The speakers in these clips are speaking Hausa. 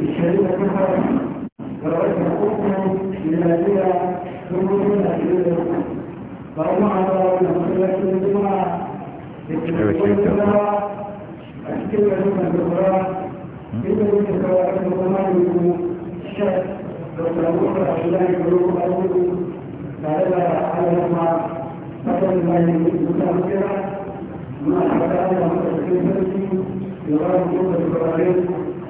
للشريك كفر فرأيت حكما للذين يؤمنون به فهم على المسلمين بالجمعة أشكل لهم الأخرى إذا كنت سواء القرآن الشيخ دكتور أخرى أولئك القلوب أولئك فهذا عليهما مثل ما يمكن ما حكى عنه في الفلسفة في غير قوة القرآن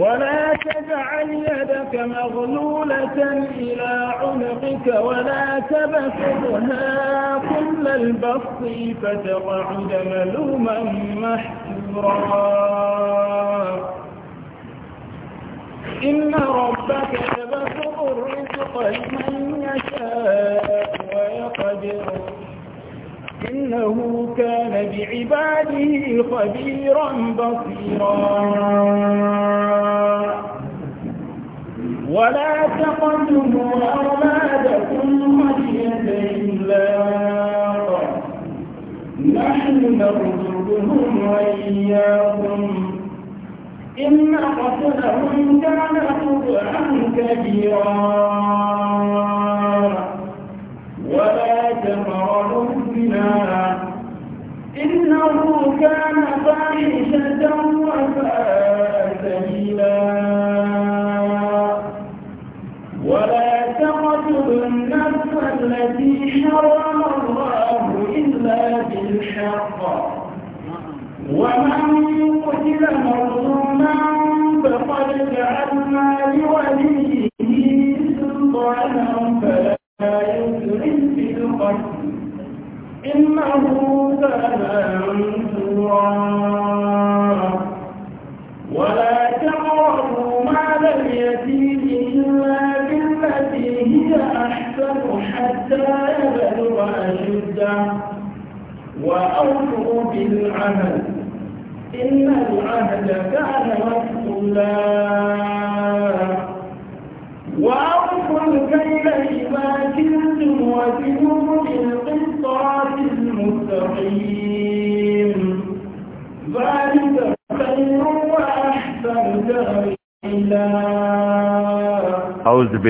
ولا تجعل يدك مغلولة إلى عنقك ولا تبسطها كل البسط فتقعد ملوما محسورا إن ربك يبسط الرزق لمن يشاء ويقدر إنه كان بعباده خبيرا بصيرا ولا تقدموا أولادكم خشية إلا نحن نرزقهم وإياكم إن قتلهم كان خطأ كبيرا ولا تفعلوا الزنا إنه كان فاحشة وساء سبيلا ولا تقتلوا النفس التي حرم الله إلا بالحق ومن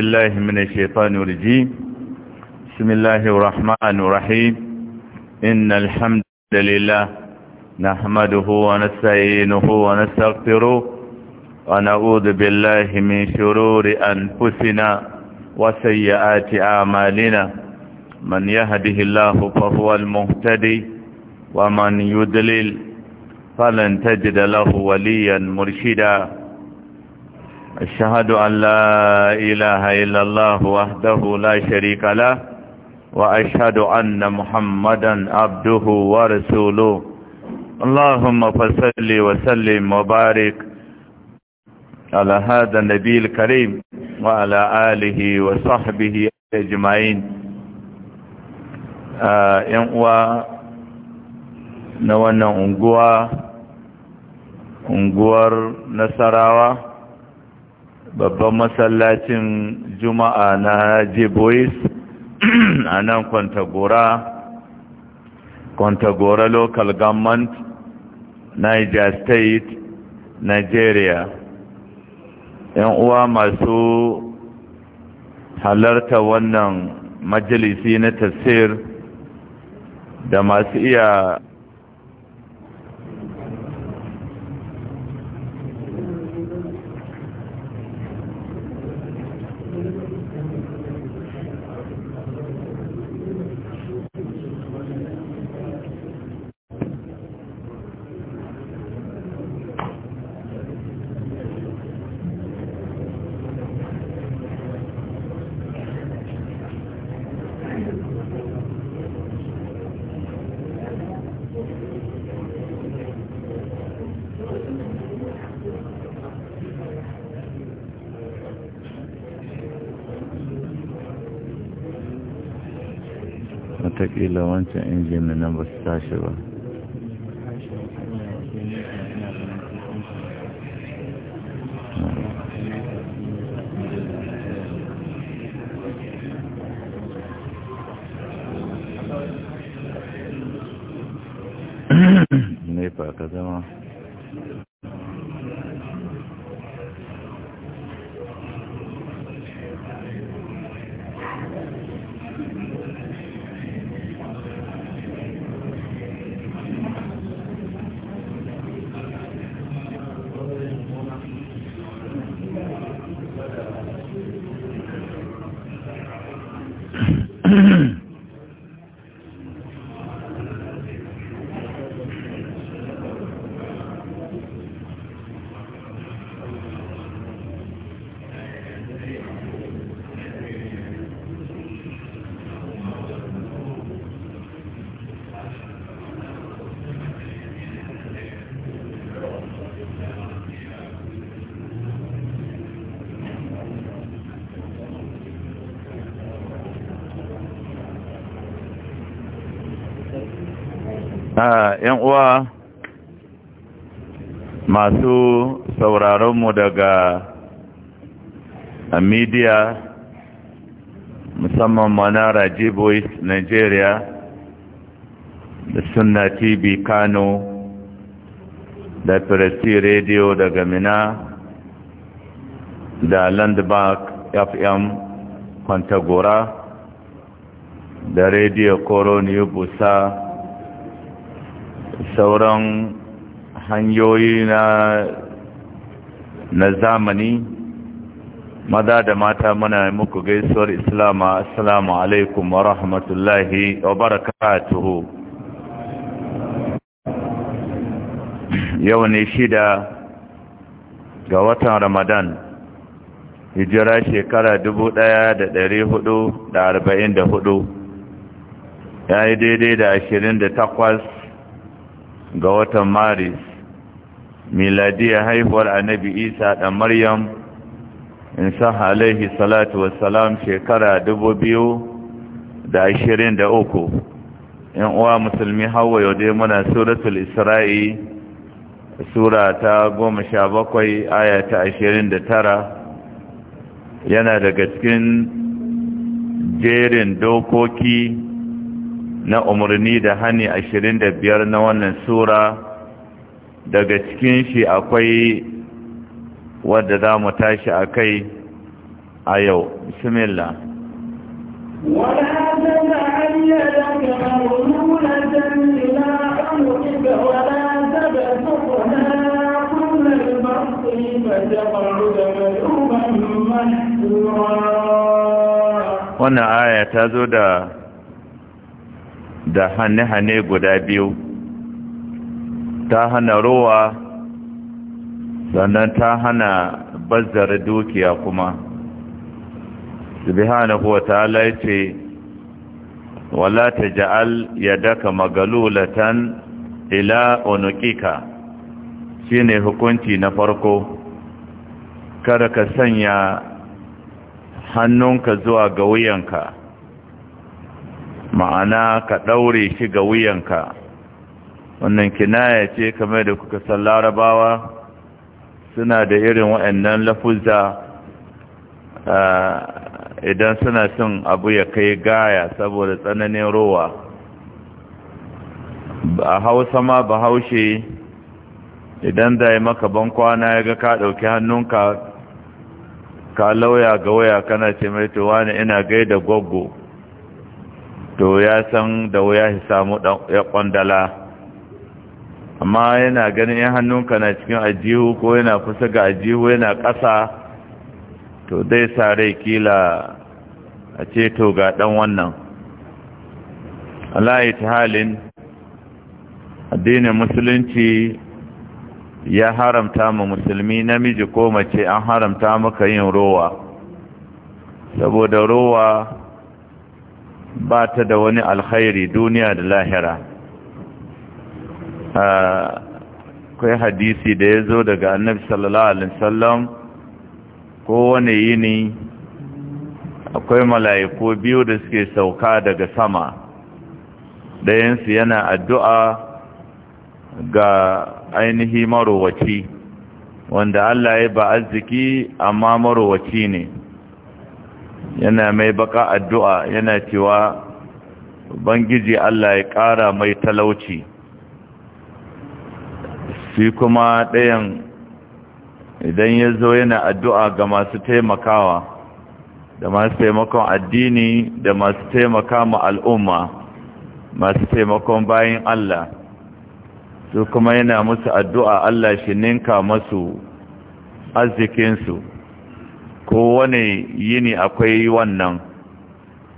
بالله من الشيطان الرجيم بسم الله الرحمن الرحيم إن الحمد لله نحمده ونستعينه ونستغفره ونعوذ بالله من شرور أنفسنا وسيئات أعمالنا من يهده الله فهو المهتدي ومن يدلل فلن تجد له وليا مرشدا أشهد أن لا إله إلا الله وحده لا شريك له وأشهد أن محمدا عبده ورسوله اللهم فصل وسلم وبارك على هذا النبي الكريم وعلى آله وصحبه أجمعين ينقوى نوانا أنقوى أنقوار نصراوى babban masallacin juma'a na jibois a nan kwantagora kwantagora local government niger state nigeria yan uwa masu halarta wannan majalisi na tafsir da masu iya kila wancan injin na nan ba su ba Ah, yan uwa masu sauraronmu daga a media musamman manara jibois nigeria da suna tv kano da firasti radio daga mina da landmark fm kwantagora da radio koroniyo busa sauran hanyoyi na na zamani maza da mata muna muku gaisuwar islama assalamu alaikum wa rahmatullahi wa barakatuhu yau ne shida ga watan ramadan hijira shekara hudu ya yi daidai da ashirin da takwas. ga watan maris miladiya haihuwar annabi isa da maryam in saha alaihi salatu wassalam shekara uku. in uwa musulmi hawa yau dai muna suratul isra'i sura ta bakwai aya ta tara. yana daga cikin jerin dokoki na umarni da hani ashirin da biyar na wannan sura daga cikin shi akwai wadda za mu tashi a kai a yau bismillah wannan aya ta zo da da hane-hane guda biyu ta hana ruwa. sannan ta hana bazzara dukiya kuma subhanahu wa ta'ala yace wala taj'al yadaka magalulatan ila Shi shine hukunci na farko kada ka sanya hannunka zuwa ga wuyanka ma'ana ka ɗaure shi ga wuyanka wannan kinaya ce kamar da kuka san larabawa suna da irin wa'annan lafuzza idan suna son abu ya kai gaya saboda tsananin rowa a hausa ma bahaushe idan da ya maka bankwana ya ga ka ɗauki hannunka ka lauya ga waya kana ce mai tuwa ina gaida gwaggo to ya san da wuya ya samu ya kwandala amma yana ganin yan hannunka na cikin ajihu ko yana kusa ga ajihu yana ƙasa to dai sare kila a ce to ga ɗan wannan Allah ta halin addinin musulunci ya haramta ma musulmi namiji ko mace an haramta maka yin rowa saboda rowa ba ta da wani alkhairi duniya da lahira kai hadisi da ya zo daga annabi sallallahu alaihi wasallam kowane yini akwai mala'iku biyu da suke sauka daga sama ɗayansu yana addu'a ga ainihi marowaci wanda Allah ya ba arziki amma marowaci ne yana mai baka addu'a yana cewa bangiji Allah ya ƙara mai talauci Su kuma ɗayan idan ya zo yana addu'a ga masu taimakawa da masu taimakon addini da masu taimaka ma al'umma masu taimakon bayan Allah su kuma yana musu addu'a Allah shi ninka masu arzikinsu Ko kowane yini akwai wannan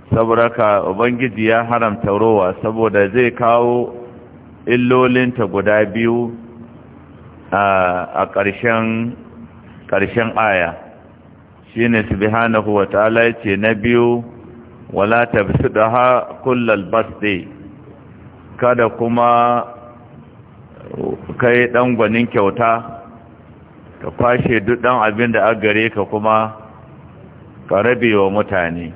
saboda ka ubangiji ya haramta rowa saboda zai kawo illolinta guda biyu a ƙarshen aya shi ne su wa ta'ala ce na biyu wala da ha kullal basde kada kuma kai ɗan gwanin kyauta ka kwashe duk ɗan abin da a gare ka kuma ka rabe wa mutane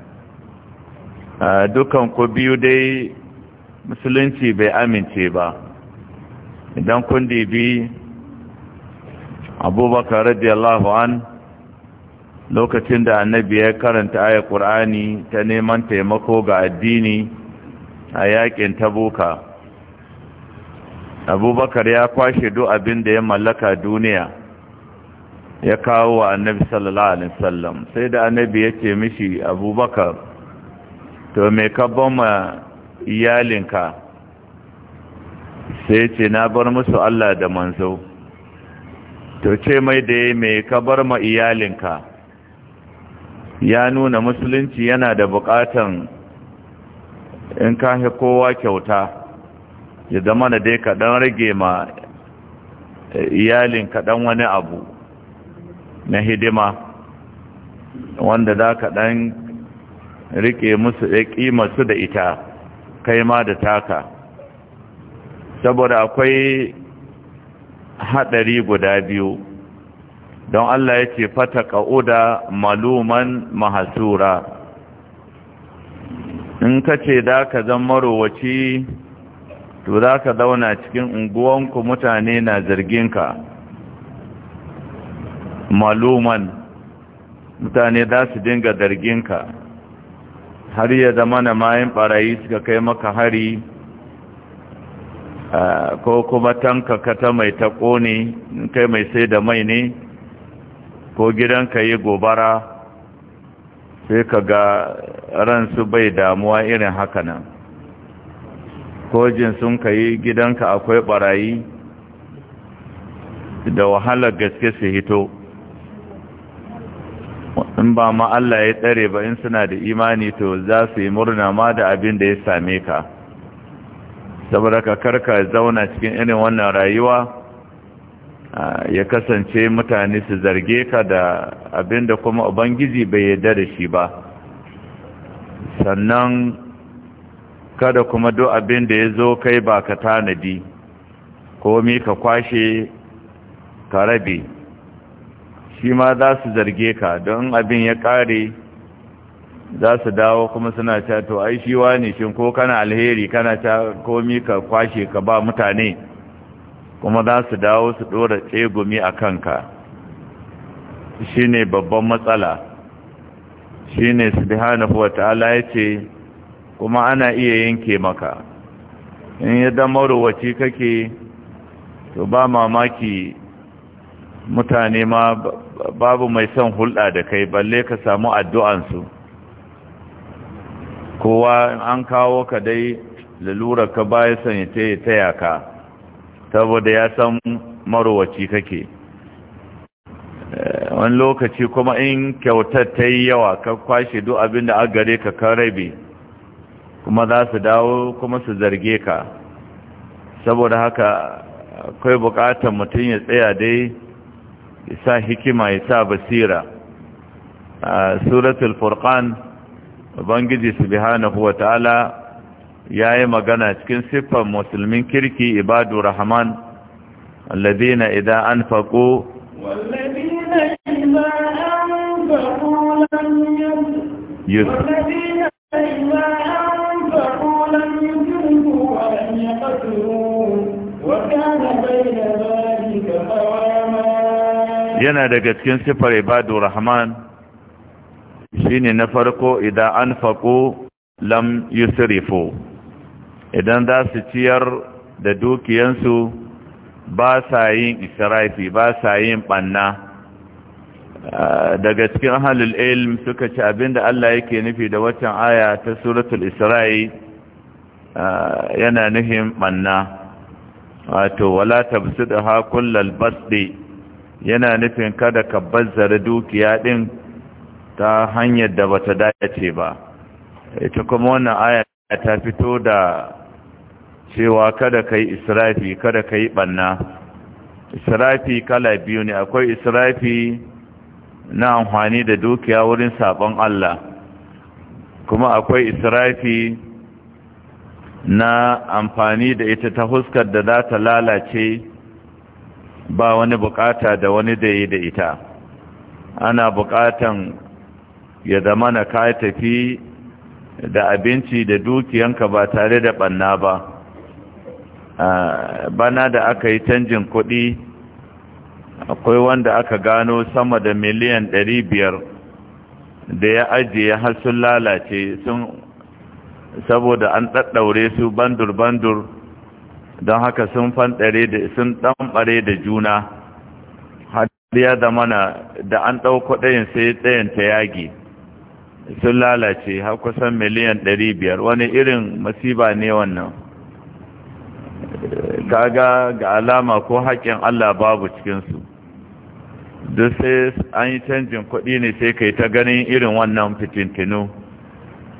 dukan ku biyu dai musulunci bai amince ba idan kun dibi abubakar radiyallahu an lokacin da annabi ya karanta ayar ƙur'ani ta neman taimako ga addini a yakin tabuka abubakar ya kwashe duk abin da ya mallaka duniya ya kawo wa annabi sallallahu alaihi wasallam sai da annabi yake mishi abubakar to me ka ma iyalinka sai ce na bar musu Allah da manzo to ce mai da ya me ka bar ma iyalinka ya nuna musulunci yana da bukatan in ka kowa kyauta ya zama na dai ka dan rage ma iyalinka dan wani abu na hidima wanda za ka ɗan riƙe musu ƙima masu da ita kai ma da taka saboda akwai haɗari guda biyu don Allah ya ce fata ƙa'uda maluman mahasura in ka ce da ka zan marowaci to za ka zauna cikin unguwanku mutane na ka. maluman mutane za su dinga ka. har ya zama na mayan barayi suka kai maka hari ko kuma tanka ta mai ta ne kai mai sai da mai ne ko gidanka yi gobara sai ka ga ran su bai damuwa irin haka nan ko sun ka yi gidanka akwai barayi da wahalar gaske su hito in ba ma Allah ya tsare ba in suna da imani to za su yi murna ma da abin da ya same ka saboda ka karka zauna cikin irin wannan rayuwa ya kasance mutane su zarge ka da abin da kuma ubangiji bai yarda da shi ba sannan kada kuma duk abin da ya zo kai ba ka tanadi komi ka kwashe ka rabe shi ma za su zarge ka don abin ya ƙare za su dawo kuma suna ta to ai shi ne shi ko kana alheri kana ta komi ka kwashe ka ba mutane kuma za su dawo su ɗora tsegumi a kanka shi ne babban matsala shi ne su subhanahu wa ta'ala ya ce kuma ana iya yanke maka in ya dan marowaci kake to ba mamaki mutane ma babu mai son hulɗa da kai balle ka samu addu'ansu kowa an kawo ka dai lalura ka baya son ya ce taya ka saboda ya san marowaci kake eh, wani lokaci kuma in kyautar ta yi yawa ka kwashe duk abin da an gare ka kan rabe kuma za su dawo kuma su zarge ka saboda haka akwai bukatar mutum ya tsaya dai isa sa hikima ya sa basira a suratul furqan ubangiji subhanahu ya yi magana cikin siffar musulmin kirki ibadu rahman idan an faƙo والذين إذا أنفقوا لم يجرموا ولم يقتلوا yana daga cikin sifar ibadu rahman shine na farko idan an faƙo lam yusrifu idan za su ciyar da dukiyansu ba sa yin israfi ba sa yin ɓanna daga cikin halil ilm suka ci abinda Allah yake nufi da waccan aya ta suratul isra'i yana nufin ɓanna wato wala tabsidha kullal basdi yana nufin kada ka bazzara dukiya din ta hanyar da bata dace ba ita kuma wannan aya ta fito da cewa kada ka israfi kada ka banna israfi kala biyu ne akwai israfi na amfani da dukiya wurin sabon Allah kuma akwai israfi na amfani da ita ta huskar da za ta lalace ba wani bukata da wani da yi da ita ana bukatan ya zama na ka tafi da abinci da dukiyanka ba tare da banna ba bana da aka yi canjin kuɗi akwai wanda aka gano sama da miliyan ɗari biyar da ya ajiye har sun lalace sun saboda an ɗaɗɗaure su bandur-bandur don haka sun fanɗare da sun ɗanɓare da juna har ya mana da an ɗauko ɗayan sai ɗayan ta yage sun lalace har kusan miliyan ɗari biyar wani irin masiba ne wannan kaga ga alama ko haƙƙin Allah babu cikinsu duk sai an yi canjin kuɗi ne sai kai ta ganin irin wannan fitintinu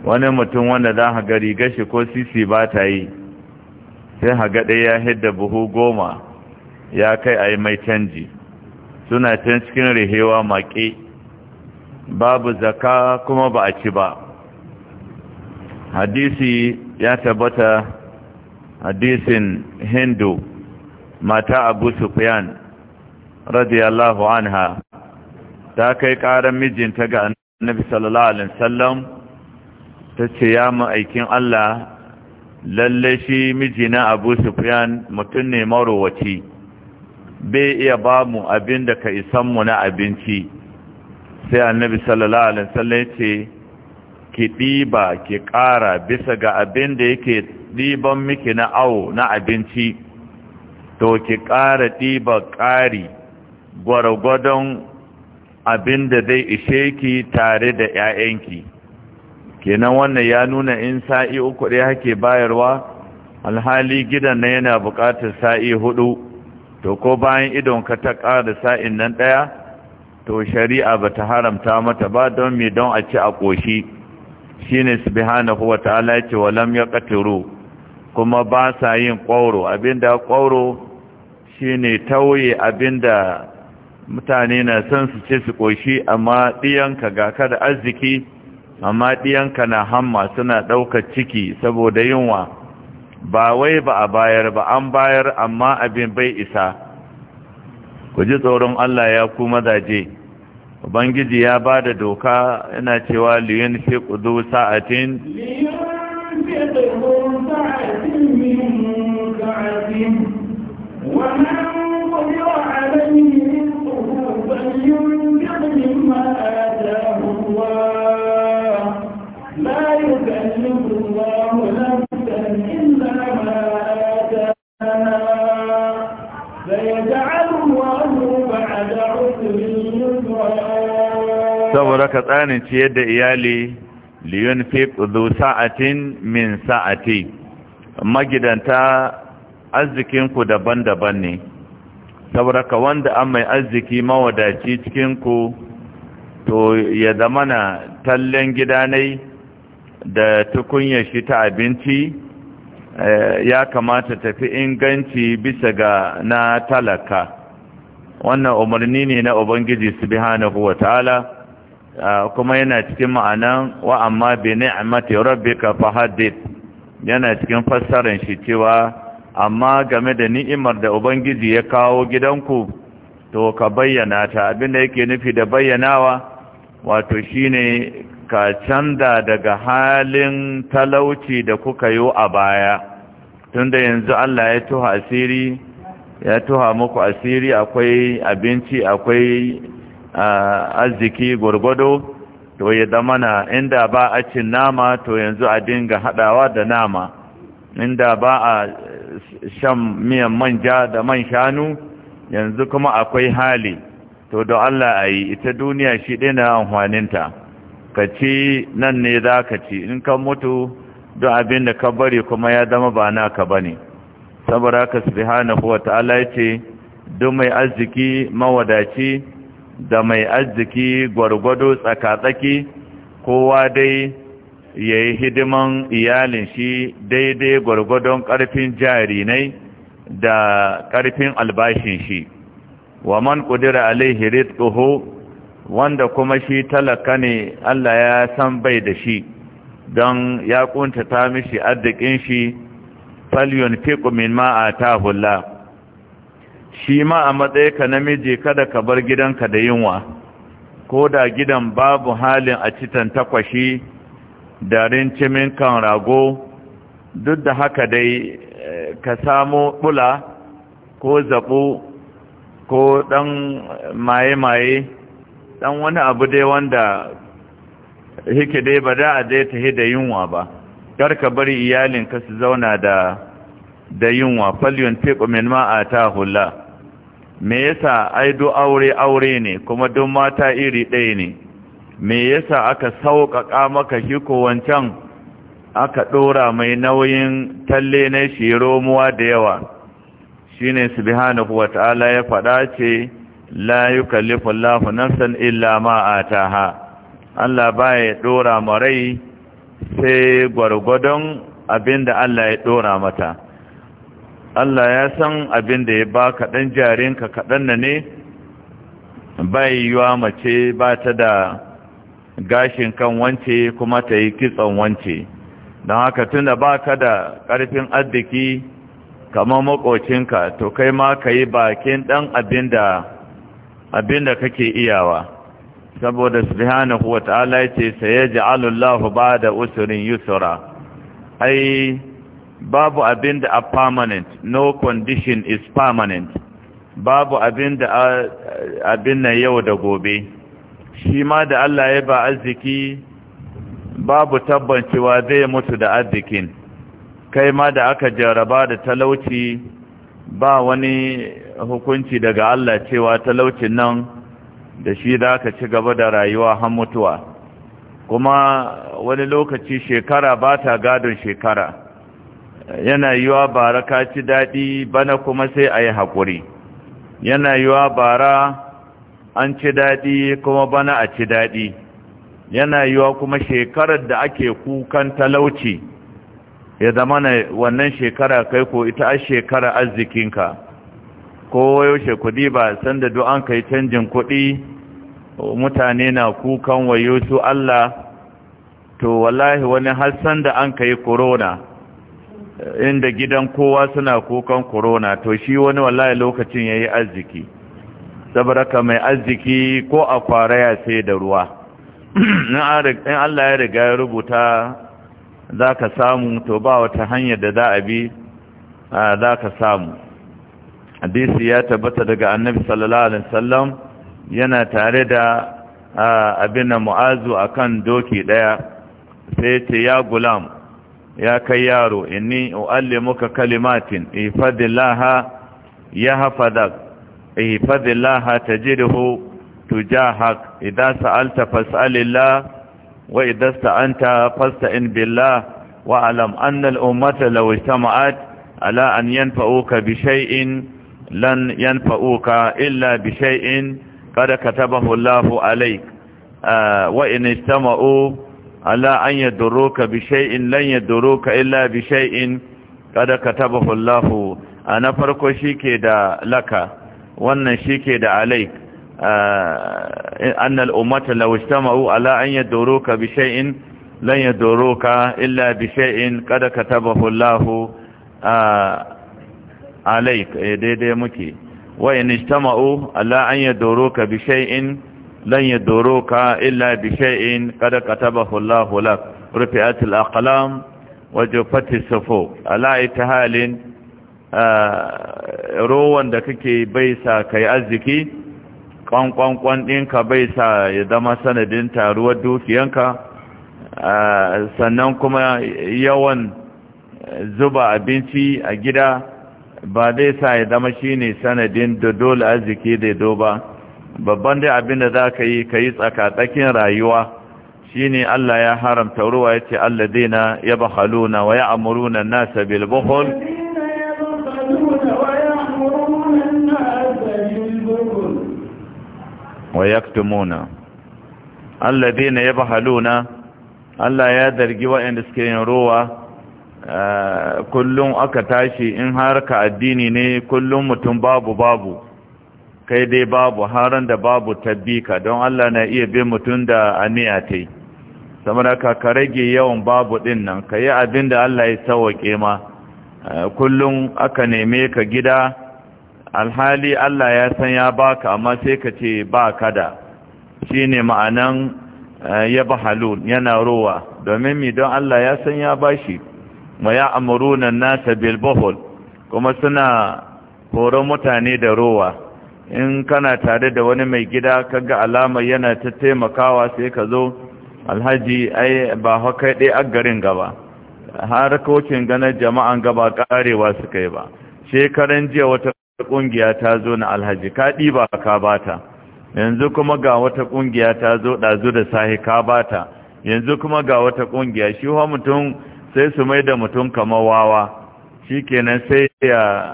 wani mutum wanda za a gari gashi ko sisi ba ta yi sai haga ɗaya ya hidda buhu goma ya kai a yi mai canji suna can cikin rihewa maƙi. babu zaka kuma ba a ci ba hadisi ya tabbata hadisin hindu mata abu sufyan radiyallahu anha ta kai ƙarar mijinta ga annabi sallallahu alaihi wasallam ta ce ya aikin Allah lalle shi mijina abu sufyan mutum ne marowaci bai iya ba mu abin da ka isan mu na abinci sai annabi sallallahu alaihi wasallam ce ki ɗiba ki ƙara bisa ga abin da yake ɗiban miki na awo na abinci to ki ƙara ɗiba ƙari gwargwadon abin da zai ishe ki tare da 'ya'yanki kenan wannan ya nuna in sa'i uku ɗaya hake bayarwa alhali gidan na yana buƙatar sa'i hudu to ko bayan idonka ta ƙara sa'in nan ɗaya to shari'a ba ta haramta mata ba don mai don a ci a ƙoshi shi ne kuwa ta ta'ala ce walam ya ƙatiru kuma ba sa yin ƙwauro abinda ƙwauro shi ne tauye abinda mutane na son su ce su ƙoshi amma ɗiyanka ga kada arziki amma ɗiyanka na hamma suna ɗaukar ciki saboda yunwa ba wai ba a bayar ba an bayar amma abin bai isa ku ji tsoron Allah ya ku mazaje ubangiji ya ba da doka yana cewa liyan fi ƙudu sa'atin ومن قدر عليه رزقه فلينفق مما saboda ka tsarin ciyar da iyali liyun fi sa'atin min sa'ati magidanta arzikinku daban-daban ne saboda ka wanda an mai arziki mawadaci cikinku to ya zamana tallen gidanai da tukunyar shi ta abinci eh, ya kamata tafi inganci bisa ga na talaka wannan umarni ne na ubangiji subhanahu ta'ala eh, kuma yana cikin ma'anan wa amma bi ni'mati rabbika fahaddid yana cikin fassarar shi cewa amma game da ni'imar da ubangiji ya kawo gidanku to ka bayyana ta abinda yake nufi da bayyanawa wato shine ka canza daga halin talauci da kuka yi a baya tunda yanzu Allah ya tuha asiri ya tuha muku asiri akwai abinci akwai arziki gwargwado to ya da mana inda ba a cin nama to yanzu a dinga hadawa da nama inda ba a shan miyan manja da man shanu yanzu kuma akwai hali to don Allah a yi ita duniya shi ɗina amfaninta ka ci nan ne za ka ci in ka mutu don abin da ka bari kuma ya zama ba na ka ba ne saboda haka na kuwa ta'ala ya ce duk mai arziki mawadaci da mai arziki gwargwado tsakatsaki, kowa dai ya yi hidiman iyalin shi daidai gwargwadon ƙarfin jarinai da ƙarfin albashin shi wa man ƙudura alaihi rizquhu wanda kuma shi talaka ne Allah ya san bai da shi don ya ta mishi arzikin shi falyun fiqu min ma atahu Allah shi ma a matsayi ka namiji kada ka bar gidanka da yunwa ko da gidan babu halin a citan takwashi da rincimin kan rago duk da haka dai eh, ka samo bula ko zaɓu ko ɗan maye-maye dan wani abu dai wanda hike dai ba da a dai ta da yunwa ba kar ka bari ka su zauna da da yunwa falyon teku min ma'ata hula me yasa ai do aure aure ne kuma don mata iri ɗaya ne me yasa aka sauƙaƙa maka hiko wancan aka ɗora mai nauyin talle na shi romuwa da yawa shine subhanahu Ta'ala ya faɗa ce la yukallifu Allahu nafsan illa ma ataha Allah baya dora marai sai gwargwadon abinda Allah ya dora mata Allah ya san abinda ya baka dan jarinka kadan na ne bai yiwa mace ba ta da gashin kan wance kuma ta yi kitson wance don haka tunda ba ka da ƙarfin arziki kamar makocinka to kai ma ka yi bakin ɗan abin da abinda kake iyawa saboda subhanahu wata'ala yace sayaj'alu Allahu ba'da usrin yusra ai babu abinda a permanent no condition is permanent babu abinda abin yau da gobe shi ma da Allah ya ba arziki babu tabbancewa zai mutu da arzikin kai ma da aka jaraba da talauci ba wani hukunci daga Allah cewa talaucin nan da shi za ka ci gaba da rayuwa har mutuwa kuma wani lokaci shekara ba ta gadon shekara yana yiwa bara ka ci daɗi bana kuma sai a yi haƙuri yana yiwa bara an ci daɗi kuma bana a ci daɗi yana yiwa kuma shekarar da ake kukan talauci ya zama na wannan shekara kai ko ita a shekara arzikinka ko yaushe kuɗi ba sanda duk an kai canjin kuɗi mutane na kukan wayo su Allah to wallahi wani har da an kai korona inda gidan kowa suna kukan korona to shi wani wallahi lokacin ya yi arziki saboda mai arziki ko a sai da ruwa in Allah ya riga ya rubuta za ka samu to ba wata hanyar da za a bi za ka samu hadisi ya tabbata daga annabi sallallahu alaihi wasallam yana tare da abin mu'azu akan doki ɗaya. sai ce ya gulam ya kai yaro inni uallimuka kalimatin ihfadillaha yahfadak ihfadillaha tajidhu tujahak idza sa'alta fas'alillah وإذا استعنت فاستعن بالله واعلم أن الأمة لو اجتمعت على أن ينفعوك بشيء لن ينفعوك إلا بشيء قد كتبه الله عليك آه وإن اجتمعوا على أن يدروك بشيء لن يدروك إلا بشيء قد كتبه الله أنا فرق شيكي دا لك وأن شيكي دا عليك أن الأمة لو اجتمعوا على أن يدوروك بشيء لن يدوروك إلا بشيء قد كتبه الله عليك دي دي مكي وإن اجتمعوا على أن يدوروك بشيء لن يدوروك إلا بشيء قد كتبه الله لك رفعت الأقلام وجفت الصفوف على إتهال روان دكك بيسا كي أزكي kwankwankwan ɗinka bai sa ya zama sanadin taruwar dukiyanka sannan kuma yawan zuba abinci a gida ba zai sa ya zama shi ne sanadin da dole arziki da ba babban dai abin da za ka yi ka yi tsakatsakin rayuwa shi ne Allah ya haramta ruwa ya ce Allah dina ya bahaluna wa ya amuruna nasa bilbohol wa yaktumuna alladhina yabhaluna Allah ya zargi waɗanda suke yin ruwa. kullum aka tashi in har ka addini ne kullum mutum babu babu kai dai babu haran da babu tabbika don Allah na iya bin mutum da aniya ta saboda ka ka rage yawan babu ɗin nan ka yi abin da Allah ya sauwaƙe ma kullum aka neme ka gida alhali Allah ya san ya baka amma sai ka ce ba kada shi ne ma'anan eh, ya ba halun yana rowa domin mi don Allah ya san ya ba shi ma ya na nasa bilbohol kuma suna horon mutane da rowa in kana tare da wani mai gida kaga alama yana ta taimakawa sai ka zo alhaji ai ba haka ɗaya a garin gaba kocin ganar jama'an gaba karewa suka yi ba shekaran jiya wata wata kungiya ta zo na alhaji ka ɗiba ka bata yanzu kuma ga wata kungiya ta zo ɗazu da sahi ka bata yanzu kuma ga wata kungiya shi wa mutum sai su mai da mutum kamar wawa shi kenan sai ya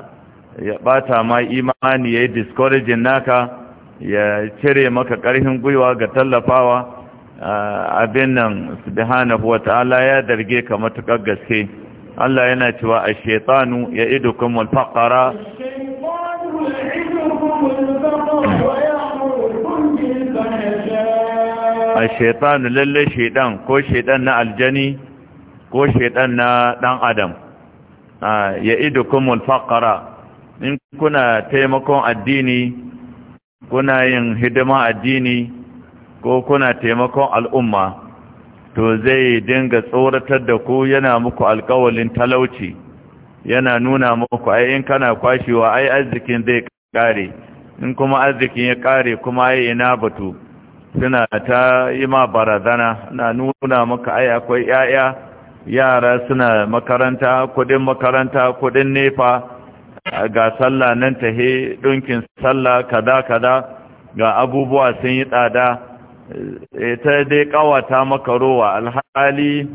ya bata ma imani ya yi discouraging naka ya cire maka ƙarfin gwiwa ga tallafawa ah, abin nan subhanahu wa ta'ala ya darge ka matuƙar gaske Allah yana cewa a ash ya ido kuma faqara a shaitanu lalle shaidan ko shaidan na aljani ko shaidan na ɗan adam ya idu kuma faƙara in kuna taimakon addini kuna yin hidima addini ko kuna taimakon al'umma to zai dinga tsoratar da ku yana muku alkawalin talauci yana nuna muku ai in kana kwashewa ai arzikin zai kare in kuma arzikin ya kare kuma ai ina batu suna ta yi ma barazana na nuna maka ai akwai yaya yara suna makaranta kudin makaranta kudin nefa ga sallah nan ta he dunkin sallah kada kada ga abubuwa sun yi tsada eh, ta dai kawata maka rowa alhali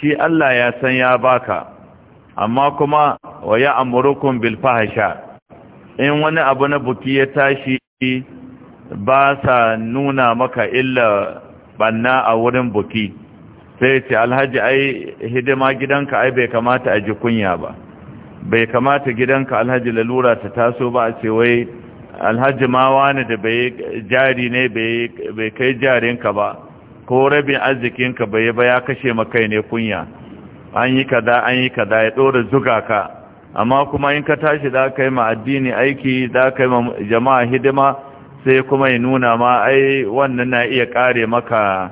shi Allah ya san ya baka amma kuma wa ya amurukun bilfahasha in wani abu na buki ya tashi ba sa nuna maka illa banna a wurin buki sai ce alhaji ai hidima gidanka ai bai kamata a ji kunya ba bai kamata gidanka alhaji lalura ta taso ba a ce wai alhaji ma wani da bai jari ne bai kai jarinka ba ko rabin arzikinka bai ba ya kashe makai ne kunya an yi kaza an yi kaza ya ɗora zuga ka amma kuma in ka tashi za ka yi ma addini aiki za ka yi ma jama'a hidima sai kuma ya nuna ma ai wannan na iya kare maka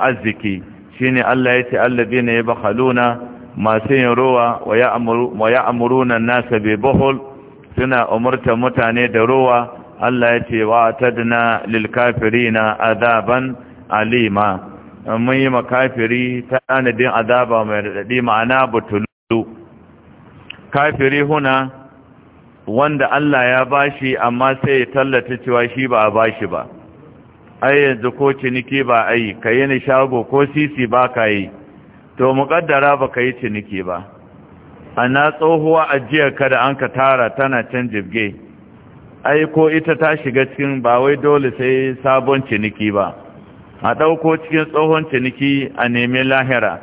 arziki shine Allah ya ce alladina yabkhaluna masu yin rowa wa ya'muruna nasa bi bahol suna umurta mutane da rowa Allah ya ce wa tadna lil kafirina adaban alima mun yi makafiri ta tanadin azaba mai raɗaɗi ma'ana butulu kafiri huna wanda Allah ya bashi amma sai ya tallata cewa shi ba a bashi ba ai yanzu ko ciniki ba a yi, ka yi ni shago ko sisi ba ka yi to muƙaddara ba ka yi ciniki ba A na tsohuwa ajiyar ka da an ka tara tana can jibge ai ko ita ta shiga cikin ba wai dole sai sabon ciniki ba a ɗauko cikin tsohon ciniki a nemi lahira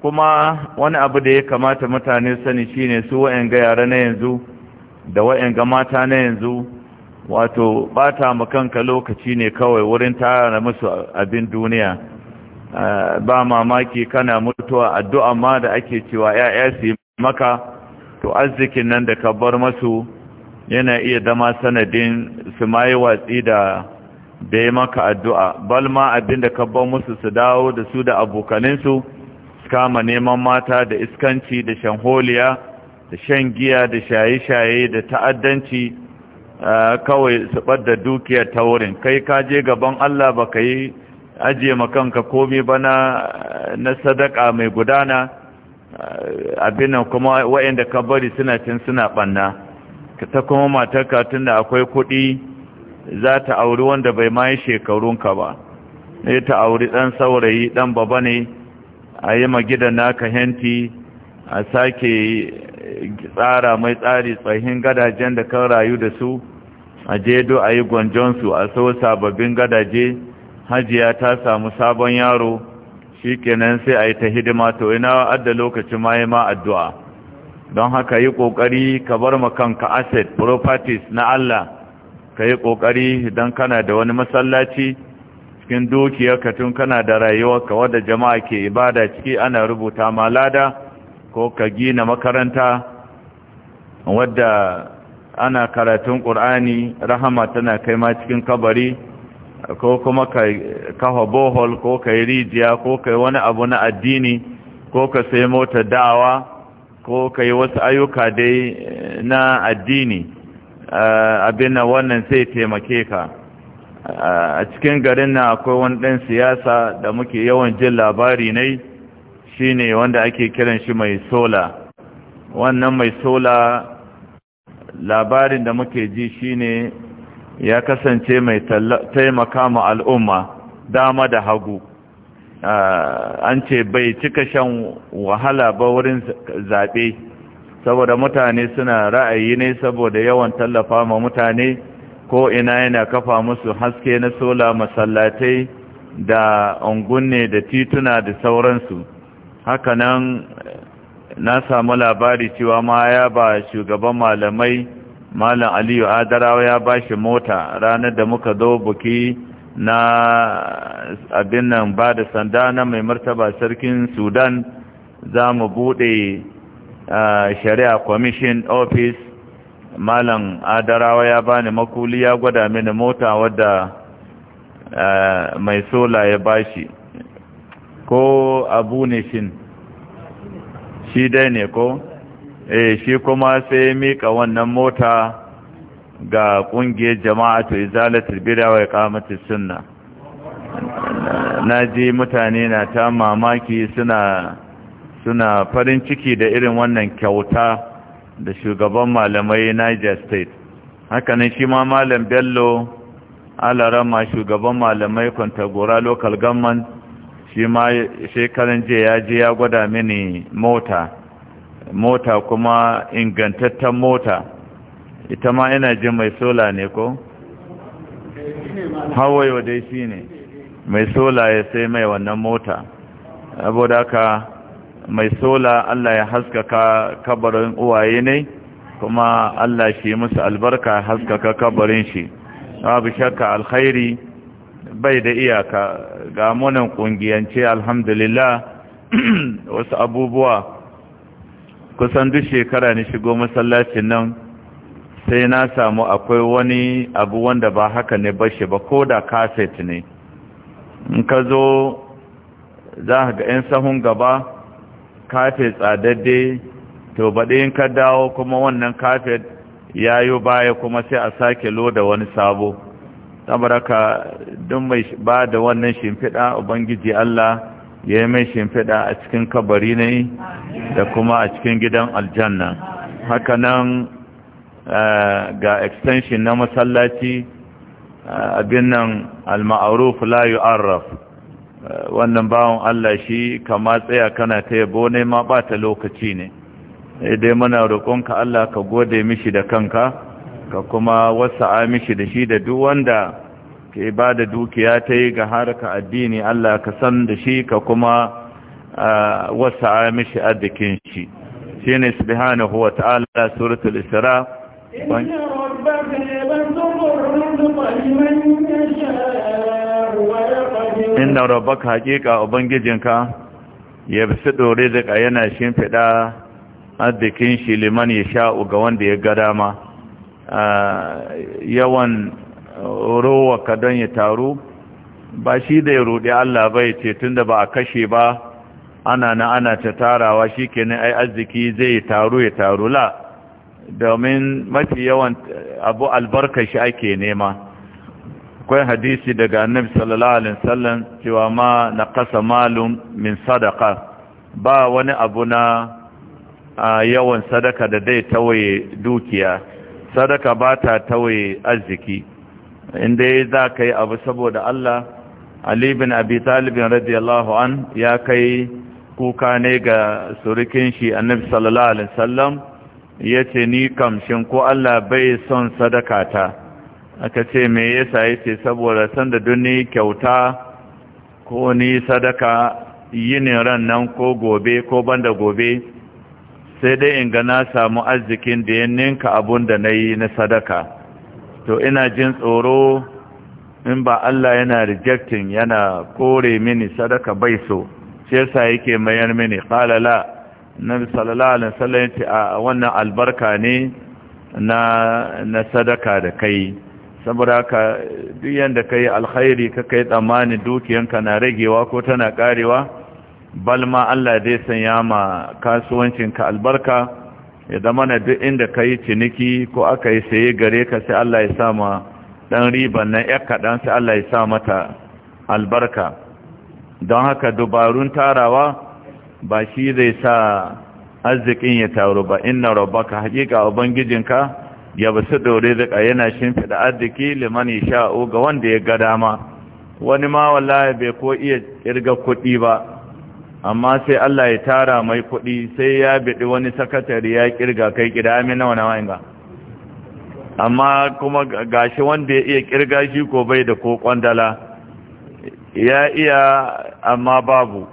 kuma wani abu da ya kamata mutane sani shine su wa'in ga yara na yanzu da wa'in ga mata na yanzu wato bata kanka lokaci ne kawai wurin tara musu abin duniya ba mamaki kana mutuwa addu'a ma da ake cewa ‘ya'ya su yi maka to arzikin nan da ka bar masu yana iya zama sanadin su ma watsi da bai maka addu'a bal ma abinda ka bar musu su dawo da su da abokaninsu kama neman mata da iskanci da shanholiya da shan giya da shaye-shaye da ta'addanci kawai su ɓadda dukiyar ta wurin kai ka je gaban Allah ba ka yi ajiye makanka komi ba na sadaka mai gudana abinan kuma wa'inda ka bari suna cin suna ɓanna ta kuma matarka tun da akwai kuɗi za ta auri wanda bai ma yi shekarunka ba ne ta auri ɗan saurayi ɗan baba ne a yi magida naka henti a sake tsara mai tsari tsahin gadajen da kan rayu da su a jedo a yi gwanjonsu a so sababbin gadaje hajiya ta samu sabon yaro shi kenan sai a yi ta hidima to ina adda lokacin maye ma addu'a don haka yi ƙoƙari ka bar ma makanka asset properties na Allah ka yi ƙoƙari idan kana da wani masallaci cikin dukiyarka tun kana da rayuwarka wadda jama'a ke ibada ciki ana rubuta malada ko ka gina makaranta wadda ana karatun ƙur'ani rahama tana kai ma cikin kabari ko kuma ka kafa bohol ko ka yi rijiya ko ka yi wani abu na addini ko ka sai mota dawa, ko ka yi wasu ayyuka dai na addini Eh, abin nan wannan zai taimake ka eh, a cikin garin na akwai wani ɗan siyasa da muke yawan jin labari ne shine wanda ake kiran shi mai sola wannan mai sola labarin da muke ji shine ya kasance mai taimaka ma al'umma dama da hagu eh, an ce bai cika shan wahala ba wurin zaɓe saboda mutane suna ra'ayi ne saboda yawan tallafa ma mutane ko ina yana kafa musu haske na sola masallatai da ungunne da tituna da sauransu hakanan na samu labari cewa ma ya ba shugaban malamai malam aliyu adarawa ya ba shi mota ranar da muka zo buki na abin nan ba da sanda na mai martaba sarkin sudan za mu buɗe shari'a commission office malam adarawa ya bani makuli ya gwada mini mota wadda mai sola ya bashi ko abu ne shin shi dai ne ko eh shi kuma sai mika wannan mota ga kungiyar jama'atu izalatul bid'a wa iqamatus sunna naji mutane na ta mamaki suna suna farin ciki da irin wannan kyauta da shugaban malamai niger state hakanan shi ma malam bello alarama shugaban malamai kwantagora local government shi ma shekaran je ya je ya gwada mini mota mota kuma ingantattan mota ita ma ina jin mai sola ne ko? hawaiwa dai shi ne mai sola ya sai mai wannan mota da ka mai sola Allah ya haskaka kabarin uwaye ne kuma Allah shi musu albarka haskaka kabarin shi babu shakka alkhairi bai da iyaka ga munan kungiyance alhamdulillah wasu abubuwa kusan duk shekara ni shigo masallacin nan sai na samu akwai wani abu wanda ba haka ne bashi ba ko da kaset ne in ka zo za ga 'yan sahun gaba kafet tsadadde to baɗe in ka dawo kuma wannan kafet ya yi baya kuma sai a sake loda wani sabo tabaraka don mai ba da wannan shimfiɗa ubangiji Allah ya yi mai shimfiɗa a cikin kabari ne da kuma a cikin gidan aljanna haka nan eh, ga extension na masallaci eh, abin nan al-ma'aruf la yu'arraf wannan bawan Allah shi kama tsaya kana ta yabo ne ma bata lokaci ne dai muna roƙonka Allah ka gode mishi da kanka ka kuma wasa'a mishi da shi da duk wanda ke bada dukiya ta yi ga harka addini Allah ka san da shi ka kuma wasa'a mishi addikin shi shi ne subhanahu wa ta'ala suratul isra inda rabbaka hakika ubangijinka ya fi dore ka yana shimfiɗa arzikin shi liman ya sha'u ga wanda ya ga dama ah, yawan rowa ka don ya taru ba shi da ya ruɗe Allah bai ce tun da ba a kashe ba ana na ana ta tarawa shi kenan ai arziki zai taru ya taru la domin mafi yawan abu albarka shi ake nema akwai hadisi daga annabi sallallahu alaihi wasallam cewa ma naqasa malum min sadaqa ba wani abu na yawan sadaka da dai tawaye dukiya sadaka ba ta tawaye arziki inda za ka yi abu saboda Allah Ali bin Abi Talib radiyallahu an ya kai kuka ne ga surukin shi annabi sallallahu alaihi wasallam yace ni kamshin ko Allah bai son sadaka ta aka ce me yasa yake saboda sanda duni kyauta ko ni sadaka yinin ran nan ko gobe ko banda gobe sai dai in ga na samu arzikin da ya ninka abun da na yi na sadaka to ina jin tsoro in ba Allah yana rejecting yana kore mini sadaka bai so shi yasa yake mayar mini qala la nabi sallallahu alaihi wasallam ya ce a wannan albarka ne na na sadaka da kai saboda ka duk yanda kai alkhairi ka kai tsammanin dukiyanka na ragewa ko tana karewa bal ma Allah zai sanya ma kasuwancinka albarka ya zama na duk inda ka yi ciniki ko aka yi saye gare ka sai Allah ya sa ma ɗan riban nan ya kaɗan sai Allah ya sa mata albarka don haka dubarun tarawa ba shi zai sa arzikin ya taru ba inna rabbaka hakika ubangijinka ya basu dore zaka yana shimfiɗa arziki liman sha'u ga wanda ya ga dama wani ma wallahi bai ko iya kirga kuɗi ba amma sai Allah ya tara mai kuɗi sai ya biɗi wani sakatari ya kirga kai kida mai nawa nawa inga amma kuma gashi wanda ya iya kirga shi ko bai da ko kwandala ya iya amma babu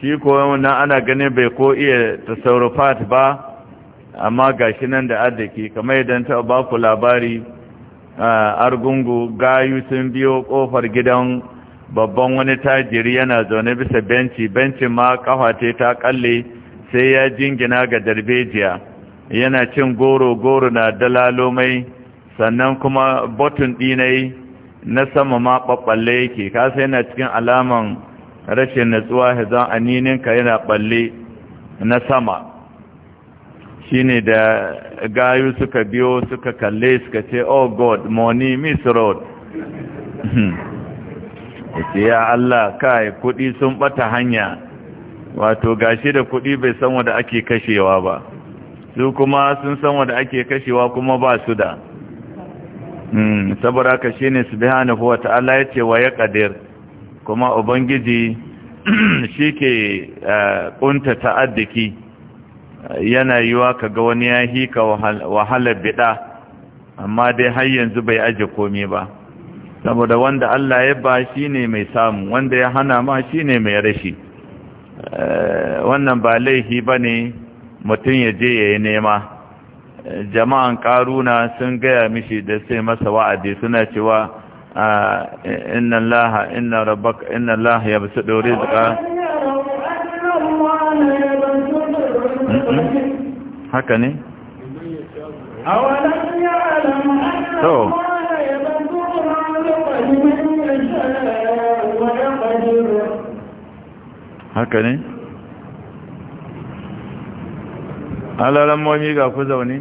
shi ko wannan ana ganin bai ko iya tasarrufat ba amma ga shi nan da adaki kamar idan ta ba ku labari argungu gayu sun biyo kofar gidan babban wani tajiri yana zaune bisa benci benci ma kafa ta kalle sai ya jingina ga darbejiya yana cin goro goro na dalalomai sannan kuma botun dinai na sama ma ɓaɓɓalle yake kasa yana cikin alaman rashin natsuwa aninin ka yana ɓalle na sama shine da gayu suka biyo suka kalle suka ce oh god money miss road ce ya Allah kai kudi sun bata hanya wato gashi da kudi bai san wanda ake kashewa ba su kuma sun san wanda ake kashewa kuma ba su da mm saboda haka shine subhanahu wata'ala yace wa ya qadir kuma ubangiji shike kunta eh, ta'addiki yana yiwa ka ga wani ya hika wahalar biɗa amma dai har yanzu bai aje komi ba saboda wanda Allah ya ba shi ne mai samu wanda ya hana ma shi ne mai rashi eh, wannan ba laifi ba ne mutum ya je ya yi nema jama'an karuna sun gaya mishi da sai masa wa'adi suna cewa ah, inna laha inna rabbaka inna laha rizqa Hmm? haka ne to haka ne ga ku zaune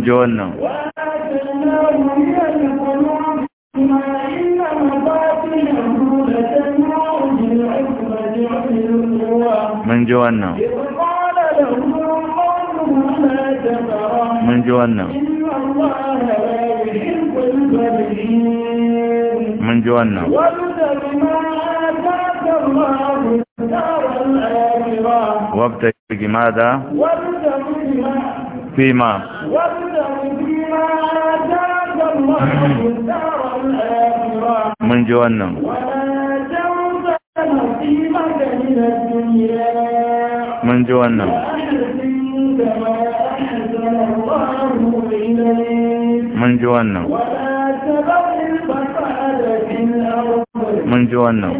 wannan ji wannan mun ji wannan mun ji wannan wabta gima da fima mun ji wannan mun ji wannan mun ji wannan mun ji wannan mun ji wannan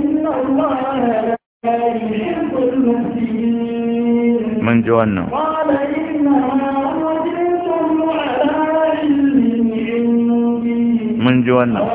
mun ji wannan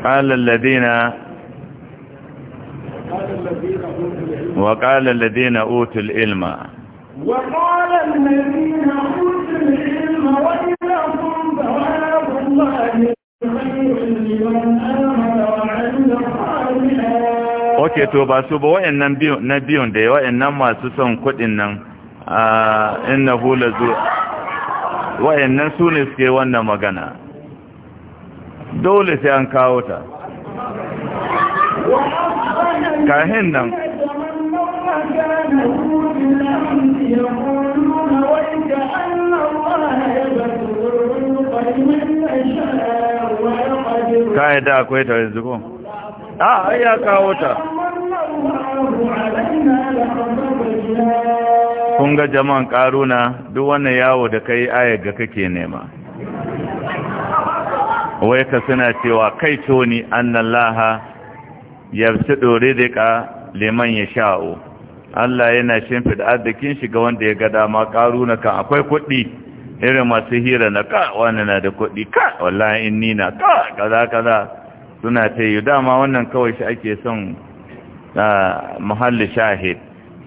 وقال الذين وقال الذين أوتوا العلم وقال الذين أوتوا العلم ثواب الله Oke to ba su ba wayannan biyu na biyun da nan masu son kudin nan ah, innahu nan su sune suke wannan magana dole sai an kawo ta kahin nan kayan da akwai ta yanzu ko a ya kawo ta kun ga jama'an karuna duk wannan yawo da kai ayar ga kake nema wai ka suna cewa kai toni annallaha yabsudu leman liman sha'o. Allah yana shimfida arzikin shiga shiga wanda ya ga dama karuna kan akwai kuɗi irin masu hira na ka wani na da kuɗi ka wallahi in na ka kaza kaza suna ta yi dama wannan kawai shi ake son ah, muhalli shahid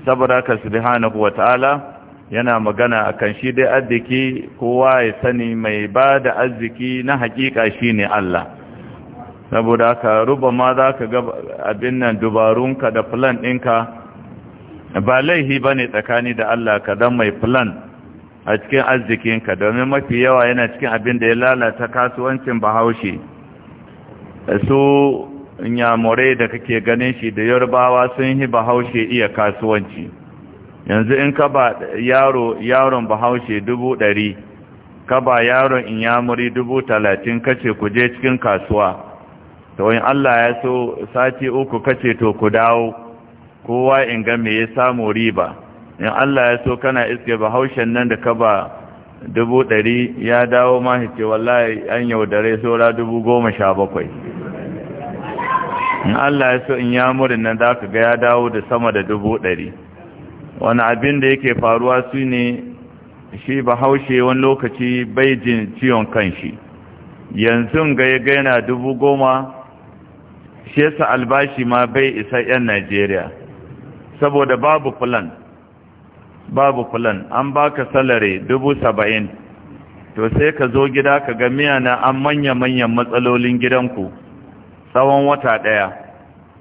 saboda ka subhanahu wa ta'ala yana magana a kan shi dai arziki kowa ya sani mai ba da arziki na hakika ne Allah saboda ka ruba ma za ka ga abin nan dubarunka da plan ɗinka ba laihi ba ne tsakani da Allah ka dan mai filan a cikin arzikinka domin mafi yawa yana cikin abin da ya lalata kasuwancin bahaushe su nyamurai da kake ganin shi da yarbawa sun yi bahaushe iya kasuwanci yanzu in ka ba yaro yaron bahaushe dubu ɗari ka ba yaron muri dubu talatin ka ce ku je cikin kasuwa to in Allah ya so sati uku ka ce to ku dawo kowa in ga me ya samu riba in Allah ya so kana iske bahaushen nan da ka ba dubu ɗari ya dawo ma ce wallahi an yaudare saura dubu goma sha bakwai in Allah ya so in yamurin nan za ka ga ya dawo da sama da dubu ɗari wani abin da yake faruwa su ne shi bahaushe wani lokaci bai jin ciwon kanshi yanzu ga ya gaina dubu goma shi yasa albashi ma bai isa 'yan najeriya saboda babu plan babu plan an baka salare dubu saba'in to sai ka zo gida ka ga miya na an manya-manyan matsalolin gidanku tsawon wata ɗaya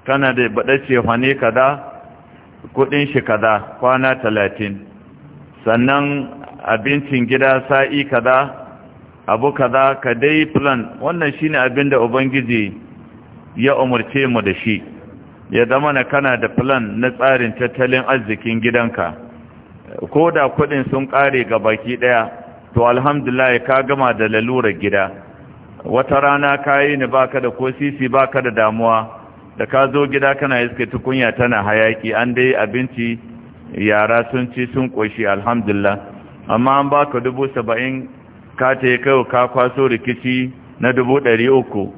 kana da baɗace ka kada kudin shi kaza kwana talatin sannan abincin gida sa'i kaza abu kaza ka dai plan wannan ne abin da ubangiji ya umarce mu da shi ya zama na kana da plan na tsarin tattalin arzikin gidanka ko da kudin sun kare ga baki daya to alhamdulillah ka gama da lalurar gida wata rana ka yi ni baka da ko sisi baka da damuwa da ka zo gida kana iske tukunya tana hayaki an dai abinci yara sun ci sun ƙoshi alhamdulillah amma an baka dubu saba'in ka ta yi kai ka kwaso rikici na dubu ɗari uku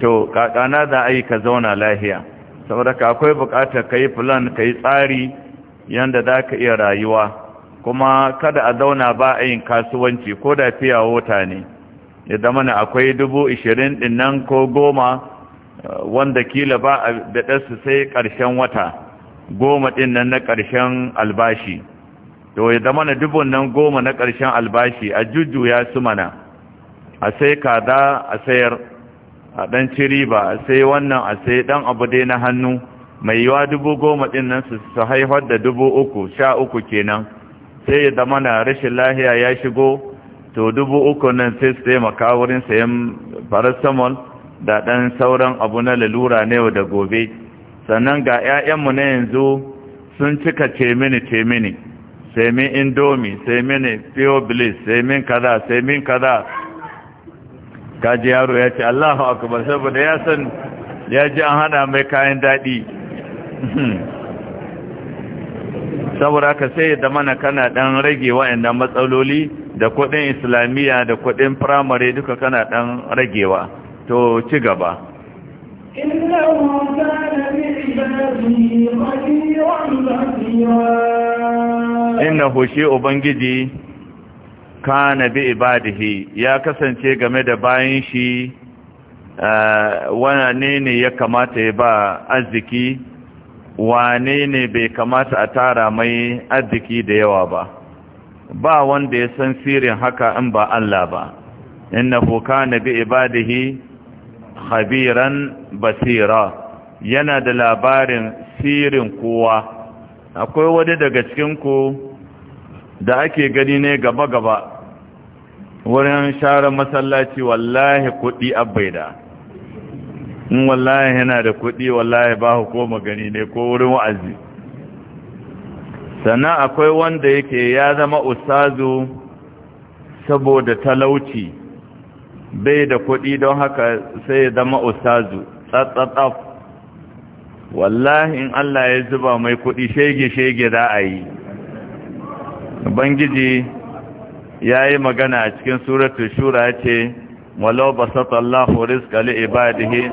to kakana za a yi ka zauna lahiya saboda ka akwai bukatar ka yi filan ka yi tsari yadda za ka iya rayuwa kuma kada a zauna ba a yin kasuwanci ko da fiya wota ne ya zama akwai dubu ishirin ɗin ko goma wanda kila ba a daɗarsu sai ƙarshen wata goma ɗin nan na ƙarshen albashi to ya zama na dubun nan goma na ƙarshen albashi a jujjuya su mana a sai kada a sayar a ɗan ciri ba a sai wannan a sai ɗan abu dai na hannu mai yiwa dubu goma ɗin nan su haifar da dubu uku sha uku kenan sai ya zama na rashin lahiya ya shigo to dubu uku nan sai su taimaka wurin sayan paracetamol da ɗan sauran abu na lalura na yau da gobe sannan ga 'ya'yanmu na yanzu sun cika ce mini ce indomi sai mini theoblis sai kaza sai kaza kaji yaro ya ce allahu akubar saboda ya san ya ji an hada mai kayan daɗi saboda ka sai da mana kana ɗan rage wa'annan matsaloli da kuɗin islamiyya da kuɗin firamare duka kana ɗan ragewa to ci gaba inna hushe ubangiji ka na bi ibadihi ya kasance game da bayan shi wane ne ya kamata ya ba arziki wane ne bai kamata a tara mai arziki da yawa ba ba wanda ya san sirin haka in ba Allah ba ka na bi ibadihi khabiran basira yana da labarin sirin kowa akwai wani daga cikinku da ake gani ne gaba-gaba wurin share masallaci wallahi kudi abbaida in wallahi yana da kudi wallahi ba koma gani ne ko wurin wa'azi sannan akwai wanda yake ya zama ustazu saboda talauci bai da kuɗi don haka sai ya zama ustazu tsatsatsaf wallahi in Allah ya zuba mai kuɗi shege-shege za a yi ubangiji ya yi magana a cikin suratu shura ce walau ba Allahu rizqa li ibadihi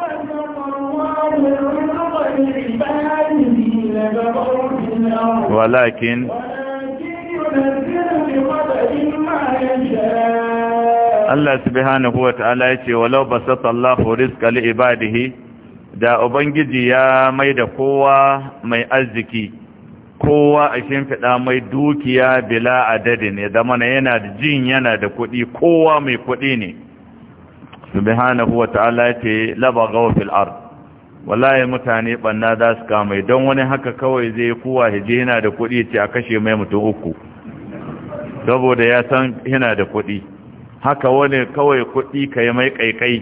walakin Allah subhanahu wa ta'ala ya ce walau basata Allahu rizqa li ibadihi da ubangiji ya mai da kowa mai arziki kowa a shimfiɗa mai dukiya bila adadin ya mana yana da jin yana da kuɗi kowa mai kuɗi ne subhanahu wa ta'ala ya ce labagaw fil ard wallahi mutane banna za su kama don wani haka kawai zai kowa hije yana da kuɗi ce a kashe mai mutu uku saboda ya san yana da kuɗi haka wani kawai kuɗi ka yi mai ƙaiƙai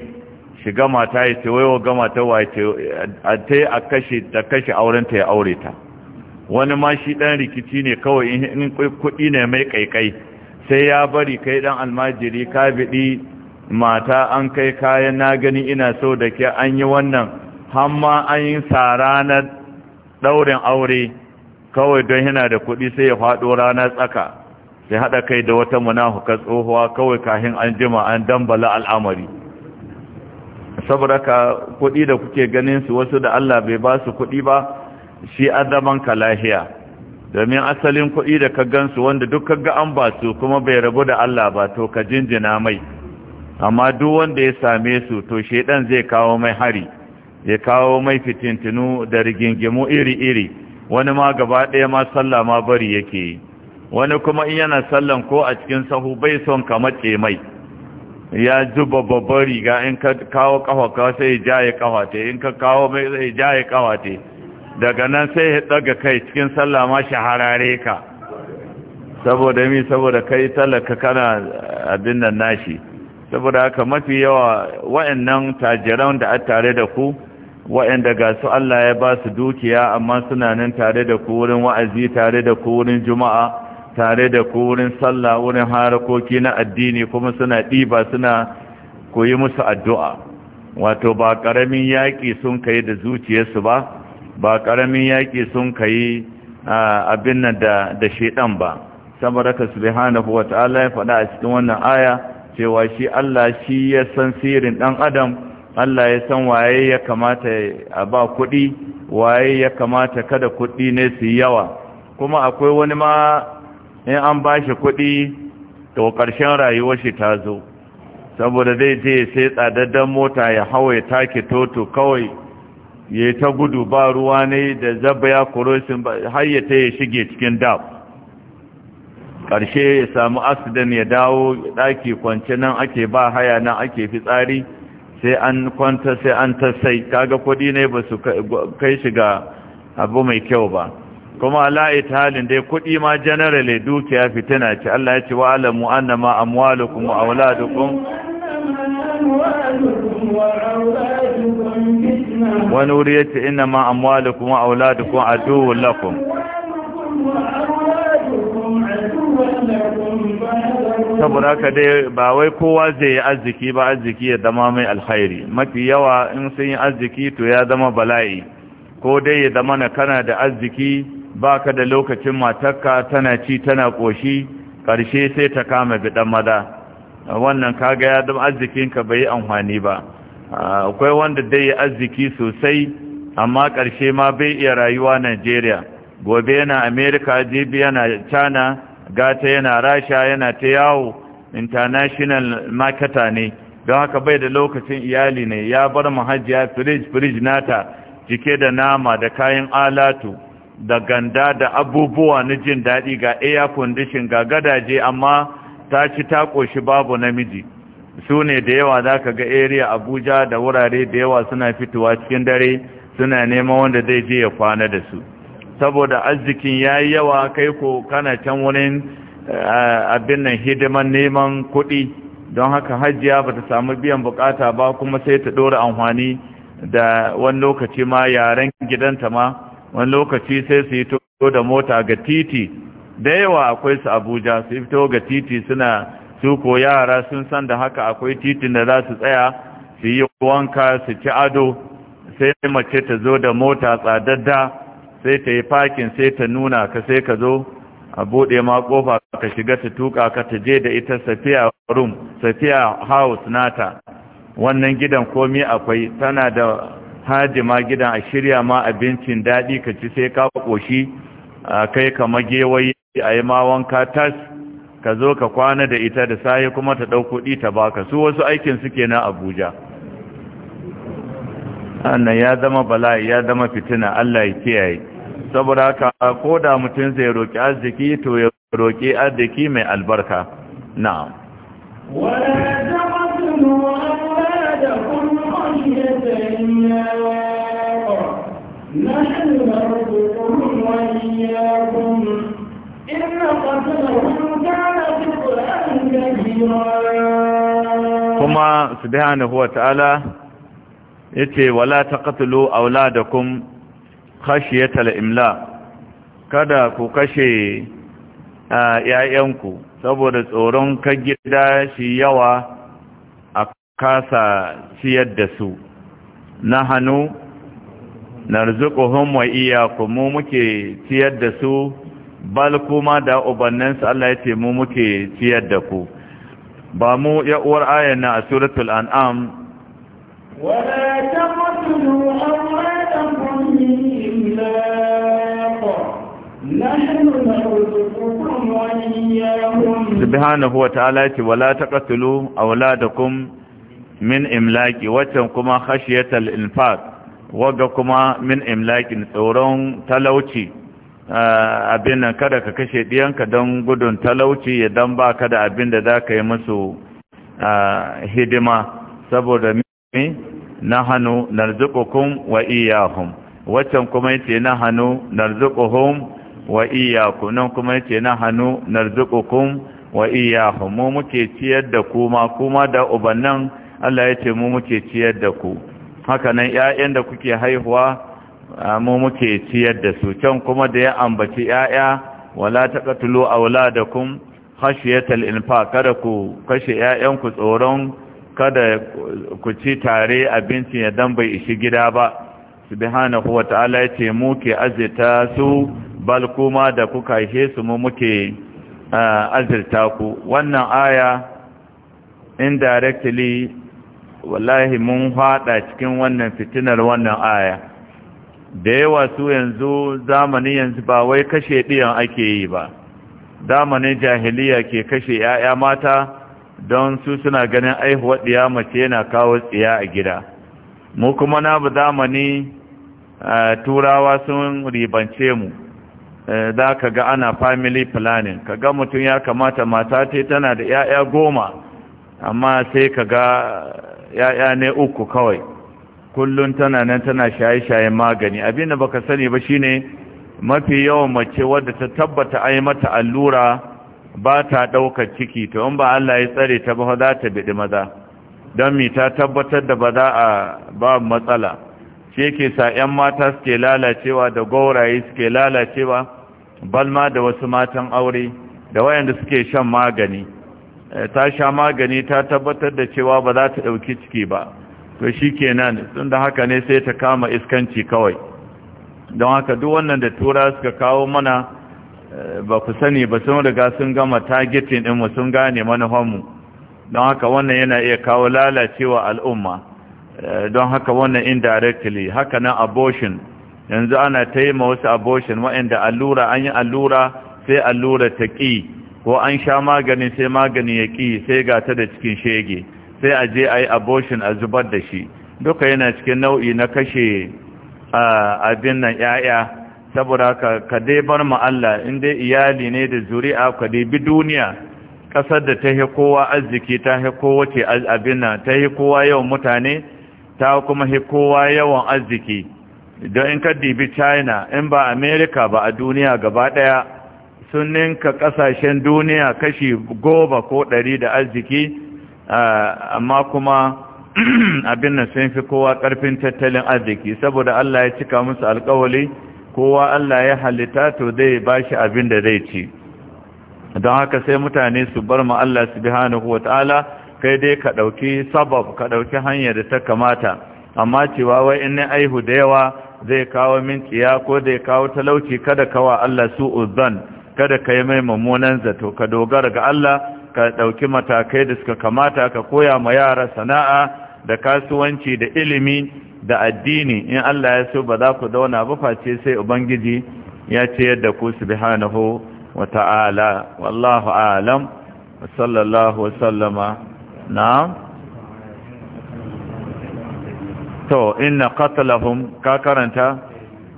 shiga mata ya ce waiwa ga mata wa ce a ta yi a kashe ta kashe aurenta ya aure ta wani ma shi ɗan rikici ne kawai in kuɗi ne mai ƙaiƙai sai ya bari kai ɗan almajiri ka biɗi mata an kai kayan na gani ina so da ke an yi wannan hamma an yi sara na ɗaurin aure kawai don yana da kuɗi sai ya faɗo ranar tsaka sai haɗa kai da wata munafuka tsohuwa kawai kahin an jima an dambala al'amari saboda ka kuɗi da kuke ganin su wasu da Allah bai ba su kuɗi ba shi azaman ka lahiya domin asalin kuɗi da ka gansu wanda duk ka ga an ba su kuma bai rabu da Allah ba to ka jinjina mai amma duk wanda ya same su to shedan zai kawo mai hari ya kawo mai fitintinu da rigingimu iri-iri wani ma gaba ɗaya ma sallah ma bari yake yi wani kuma in yana sallan ko a cikin sahu bai son ka matse mai ya zuba babbar riga in ka kawo kafa sai ya jaye kafa in ka kawo mai sai ya jaye kafa daga nan sai ya daga kai cikin sallah ma shaharare ka saboda mi saboda kai talaka kana abin nan nashi saboda haka mafi yawa wa'annan tajiran da a tare da ku wa'anda ga su Allah ya ba su dukiya amma suna nan tare da ku wurin wa'azi tare da ku wurin juma'a tare da ku wurin sallah wurin harakoki na addini kuma suna ɗiba suna koyi musu addu'a wato ba ƙaramin yaƙi sun kai da zuciyarsu ba ba ƙaramin yaƙi sun kai abin nan da shaiɗan ba saboda ka subhanahu wa ya faɗa a cikin wannan aya cewa shi Allah shi ya san sirrin ɗan adam Allah ya san waye ya kamata a ba kuɗi waye ya kamata kada kuɗi ne su yawa kuma akwai wani ma in an ba shi kuɗi to ƙarshen rayuwar shi ta zo saboda zai je sai tsadaddan mota ya hawa ya take toto kawai ya ta gudu ba ruwa ne da zaba ya kurosin har ya ta ya shige cikin dab ƙarshe ya samu asidan ya dawo ɗaki kwance nan ake ba haya nan ake fitsari sai an kwanta sai an tasai kaga kuɗi ne ba su kai shiga abu mai kyau ba kuma ala italin dai kuɗi ma generally dukiya fitina ce Allah ya ce wa alamu annama amwalukum wa auladukum wani wuri ya ina ma amwalukum wa auladukum aduwwun lakum saboda ka dai ba wai kowa zai yi arziki ba arziki ya zama mai alkhairi mafi yawa in sun yi arziki to ya zama bala'i ko dai ya zama na kana da arziki baka da lokacin matarka tana ci tana ƙoshi ƙarshe sai ta kama biɗan maza wannan kaga ya dum arzikinka bai yi amfani ba akwai wanda dai ya arziki sosai amma ƙarshe ma bai iya rayuwa Najeriya gobe yana America jibi yana China gata yana Rasha yana ta yawo international marketer ne don haka bai da lokacin iyali ne ya bar mahajiya firij firij nata jike da nama da kayan alatu da ganda da abubuwa na jin daɗi ga air condition ga gadaje amma ta ci ta ƙoshi babu namiji su ne da yawa za ka ga area abuja da wurare da yawa suna fitowa cikin dare suna neman wanda zai je ya kwana da su saboda arzikin ya yi yawa kai ko kana can wani eh, abin nan hidiman neman kuɗi don haka hajjiya ba ta samu biyan bukata ba kuma sai ta ɗora amfani da wani lokaci ma yaren gidanta ma wani lokaci sai su yi to da mota ga titi da yawa akwai su abuja su to ga titi suna su ko yara sun san da haka akwai titin da za su tsaya su yi wanka su ci ado sai mace ta zo da mota tsadadda sai ta yi fakin sai ta nuna ka sai ka zo a buɗe ma ƙofa ka shiga ta tuka ka ta je da ita safiya room safiya house nata wannan gidan komi akwai tana da hajima gidan a shirya ma abincin daɗi ka ci sai ka ƙoshi a kai ka magewayi a yi ma wanka tas ka zo ka kwana da ita da sahi kuma ta ɗau kuɗi ta baka su wasu aikin suke na abuja annan ya zama bala'i ya zama fitina allah ya kiyaye saboda haka ko da mutum zai roƙi arziki to ya roƙi arziki mai albarka na'am wala kuma su biya na huwa ta'ala ya ce wala ta katilo a wula da kun kashe tala'imla kada ku kashe a ah, 'ya'yanku saboda tsoron kagida shi yawa kasa siyar da su na hannu na rizuku wa iya mu muke siyar da su bal kuma da ubannansu Allah ya ce mu muke siyar da ku ba mu ya uwar ayan na a suratul an'am wala taqtulu awladakum min imlaq wa iyyakum subhanahu wa ta'ala ya ce wala da awladakum min imlaki waccan kuma khashiyatal infaq wadda kuma min imlaki tsoron talauci ah, abin nan kada ka kashe ɗiyanka don gudun talauci dan ba ka da abin da za ka yi musu ah, hidima saboda mi na hannu narzukukum wa iyahum waccan kuma yace na hannu wa nan kuma yace na hannu wa iyahum mu muke ciyar da kuma kuma da ubannan Allah ya ce mu muke ciyar da ku hakanan ƴaƴan da kuke haihuwa mu muke ciyar da su can kuma da ya ambaci ƴaƴa wala taqtulu auladakum khashyatal infaq kada ku kashe ƴaƴan ku tsoron kada ku ci tare abinci ya dan bai ishi gida ba subhanahu wataala ya ce mu ke azita su bal kuma da kuka haife su mu muke azirta ku wannan aya indirectly wallahi mun fada cikin wannan fitinar wannan aya da yawa su yanzu zamani yanzu ba wai kashe ɗiyan ake yi ba Zamani jahiliya ke kashe 'ya'ya mata don su suna ganin aihuwa ɗiya mace yana kawo tsiya a gida mu kuma na bu zamani turawa sun ribance mu e, za ka ga ana family planning ka ga mutum ya kamata mata ce tana da 'ya'ya goma amma sai ka ga ya'ya ne uku kawai kullun tana nan tana shaye-shaye magani abinda baka sani ba shine mafi yawan mace wadda ta tabbata ai mata allura ba ta ɗaukar ciki to in ba Allah ya tsare ta ba za ta biɗi maza don mi ta tabbatar da ba za a ba matsala shi ke sa 'yan mata suke lalacewa da gauraye suke lalacewa balma da wasu matan aure da wayanda suke shan magani Eh, ta sha magani ta tabbatar da cewa ba za ta ɗauki ciki ba to shi kenan tun da haka ne sai ta kama iskanci kawai don haka duk wannan da tura suka kawo mana eh, ba ku sani ba sun riga sun gama targetin ɗinmu sun gane manufanmu don haka wannan yana iya kawo lalacewa al'umma eh, don haka wannan indirectly haka nan abortion yanzu ana ta yi ma wasu abortion wa'inda allura an yi allura sai allura ta ƙi ko an sha magani sai magani ya ƙi sai ga ta da cikin shege sai a je a yi abortion a zubar da shi duka yana cikin nau'i na kashe abin nan ‘ya'ya saboda ka dai bar Allah in iyali ne da zuri'a ka dai bi duniya ƙasar da ta yi kowa arziki ta yi ce abin nan ta yi kowa yawan mutane ta kuma yi kowa yawan arziki don in ka dibi china in ba america ba a duniya gaba ɗaya sun ninka kasashen duniya kashi goba ko ɗari da arziki amma kuma abin nan sun fi kowa ƙarfin tattalin arziki saboda Allah ya cika musu alƙawali kowa Allah ya halitta to zai ba shi abin da zai ci don haka sai mutane su bar mu Allah subhanahu wataala kai dai ka ɗauki sabab ka ɗauki hanyar da ta kamata amma cewa wai in ni aihu da yawa zai kawo min tsiya ko zai kawo talauci kada kawa Allah su uzan kada ka yi mai mummunan zato ka dogara ga Allah ka ɗauki matakai da suka kamata ka koya ma yara sana'a da kasuwanci da ilimi da addini in Allah ya so ba za ku zauna ba face sai ubangiji ya ce yadda ku subhanahu wa ta'ala wallahu alam wa sallallahu sallama na'am to inna qatlahum ka karanta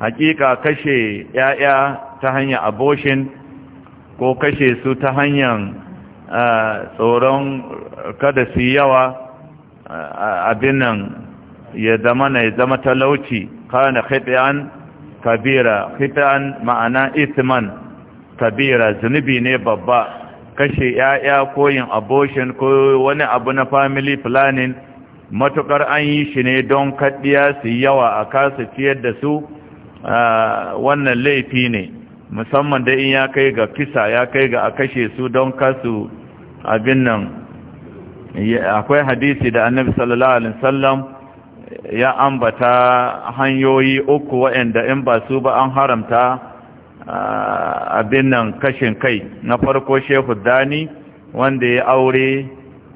hakika kashe yaya ta hanyar abortion ko kashe su ta hanyar tsoron kada su yawa abin nan ya zama na ya zama talauci kana khit'an kabira khit'an ma'ana isman kabira zunubi ne babba kashe yaya ko yin abortion ko wani abu na family planning matukar an yi shi ne don kaddiya su yawa a kasa ciyar da su wannan laifi ne musamman da in ya kai ga kisa ya kai ga a kashe su don kasu abin nan akwai hadisi da annabi sallallahu alaihi wasallam ya ambata hanyoyi uku waɗanda in ba su ba an haramta abin nan kashin kai na farko shehu dani wanda ya aure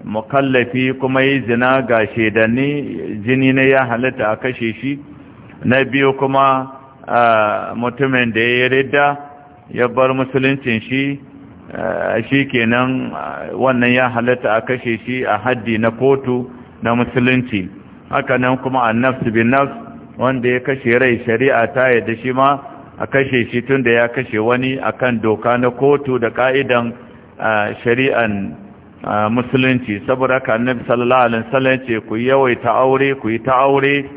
mukallafi kuma yi zina ga shedanni jini ne ya halitta a kashe shi na biyu kuma mutumin da ya yi ridda ya bar musuluncin shi eh, shi kenan eh, wannan ya halatta a kashe shi a haddi na kotu na musulunci Hakanan kuma a nafsu bin nafs wanda ya kashe rai shari'a ta yadda shi ma a kashe shi tun da ya kashe wani akan doka na kotu da ka'idan eh, shari'an musulunci saboda ka annabi sallallahu alaihi wasallam ce ku yawaita aure ku yi ta aure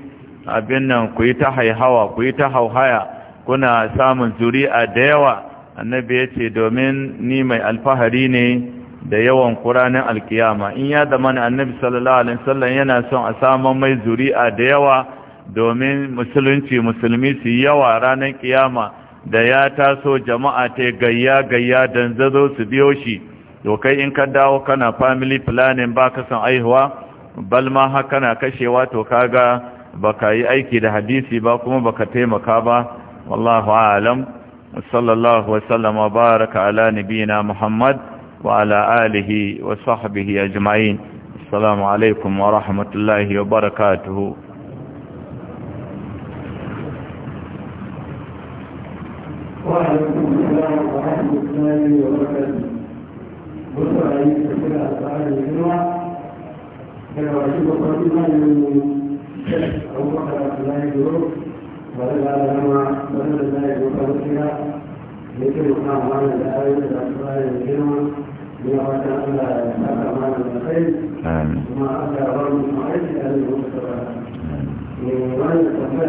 abin nan ku yi ta haihawa ku yi ta hauhaya kuna samun zuri'a da yawa annabi ya ce domin ni mai alfahari ne da yawan ƙuranin alkiyama in ya zama na annabi sallallahu alaihi wasallam yana son a samun mai zuri'a da yawa domin musulunci musulmi su yawa ranar kiyama da ya taso jama'a ta gayya gayya zazo su biyo shi to kai in ka dawo kana family planning ba ka son aihuwa bal ma haka na kashewa to kaga baka yi aiki da hadisi ba kuma baka taimaka ba والله أعلم وصلى الله وسلم وبارك على نبينا محمد وعلى آله وصحبه أجمعين السلام عليكم ورحمة الله وبركاته وعليكم السلام ورحمة الله وبركاته بصر أبو wani ba da ma wani da zai yi kuka wuce ba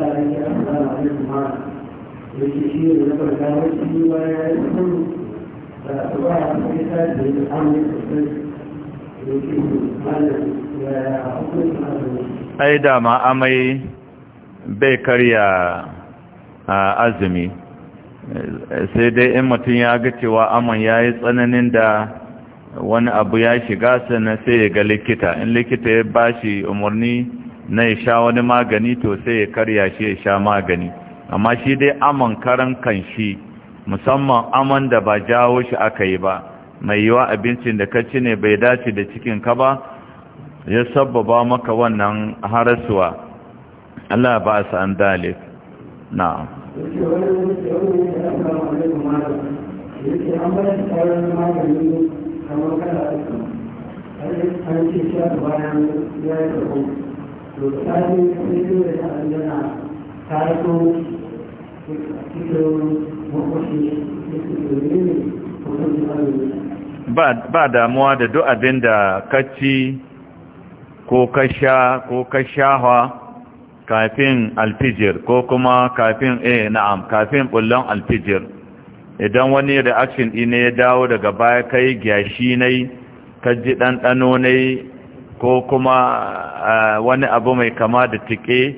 da yake nuna bai karya azumi sai dai in mutum ya ga cewa aman ya yi tsananin da wani abu ya shiga sannan sai ya ga likita in likita ya ba shi umarni na ya sha wani magani to sai ya karya shi ya sha magani amma shi dai aman karan kan shi musamman aman da ba jawo shi aka yi ba mai yiwa abincin da ka ci ne bai dace da cikin ka ba ya sabbaba maka wannan harasuwa Allah ba su an dalif na ba damuwa da duk abin da ka ci ko ka sha ko ka hawa. kafin alfijir ko kuma kafin eh na'am kafin bullon alfijir idan wani reaction ne ya dawo daga baya kai gyashi nai ka ji ɗanɗano nai ko kuma wani abu mai kama da tike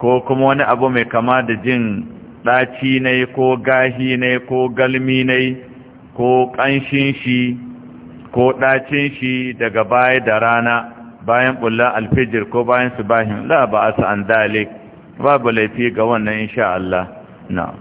ko kuma wani abu mai kama da jin daci nai ko gahi nai ko galmi nai ko kanshin shi ko ɗacin shi daga baya da rana bayan bulla alfijir ko bayan subahin la ba asa an dalik babu laifi ga wannan insha Allah na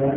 Hey.